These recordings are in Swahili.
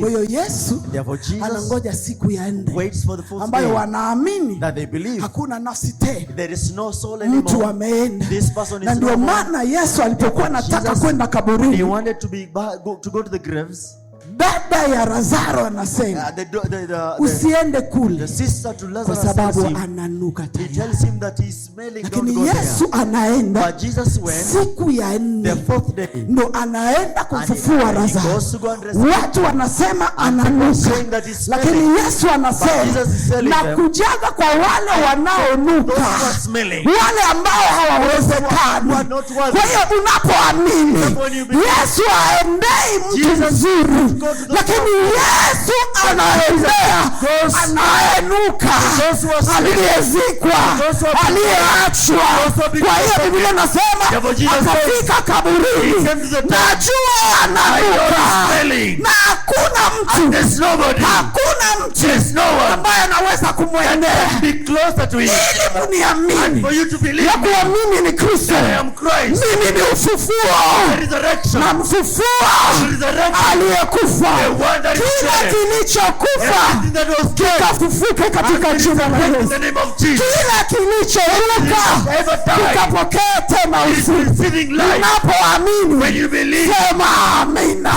Kwa hiyo Yesu anangoja siku ya nne ambayo wanaamini hakuna nafsi tena, mtu ameenda. Na ndio maana Yesu alipokuwa anataka kwenda kaburini Dada ya Lazaro anasema uh, the, the, the, usiende kule kwa sababu ananuka tayari, lakini Yesu anaenda siku ya nne, ndo anaenda kufufua Lazaro. Watu wanasema ananuka, lakini Yesu anasema na kujaga kwa wale wanaonuka, wale ambao hawa haiwezekani. Kwa hiyo unapoamini, Yesu aendei mtu mzuri, lakini Yesu anaendea anaenuka, aliyezikwa, aliyeachwa. Kwa hiyo Biblia nasema akafika kaburini, na jua ananuka, na hakuna mtu, hakuna mtu ambaye anaweza kumwendea uniamini, ya kuwa mimi ni Kristo, mimi ni ufufuo na mfufua aliyekufa. Kila kilichokufa kikafufuka katika jina la Yesu, kila kilichoruka kikapokea tena uzima. Unapoamini sema amina.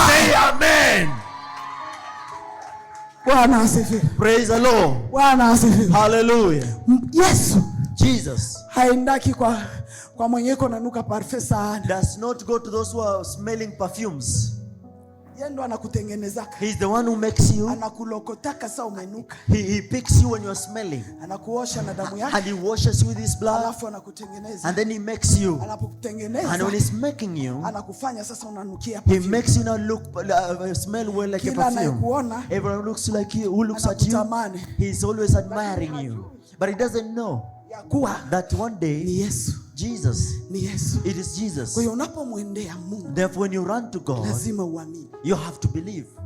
Bwana asifiwe. Praise the Lord. Bwana asifiwe. Hallelujah. Yesu Jesus haendaki kwa kwa mwenyeko nanuka parfum sana. Does not go to those who are smelling perfumes yeye anakutengenezaka. He is the one who makes you. Anakulokotaka saa umenuka. He, he picks you when you are smelling. Anakuosha na damu yake. And he washes with his blood. Alafu anakutengeneza. And then he makes you. Anapokutengeneza. And when he's making you. Anakufanya sasa unanukia He makes you now look uh, uh, smell well like Kila a perfume. Anakuona. Everyone looks like you who looks at you. He is always admiring you. But he doesn't know that one day ni Yesu Jesus. Ni Yesu. It is Jesus. Kwa hiyo unapomwendea Mungu, therefore when you run to God, lazima uamini. You have to believe.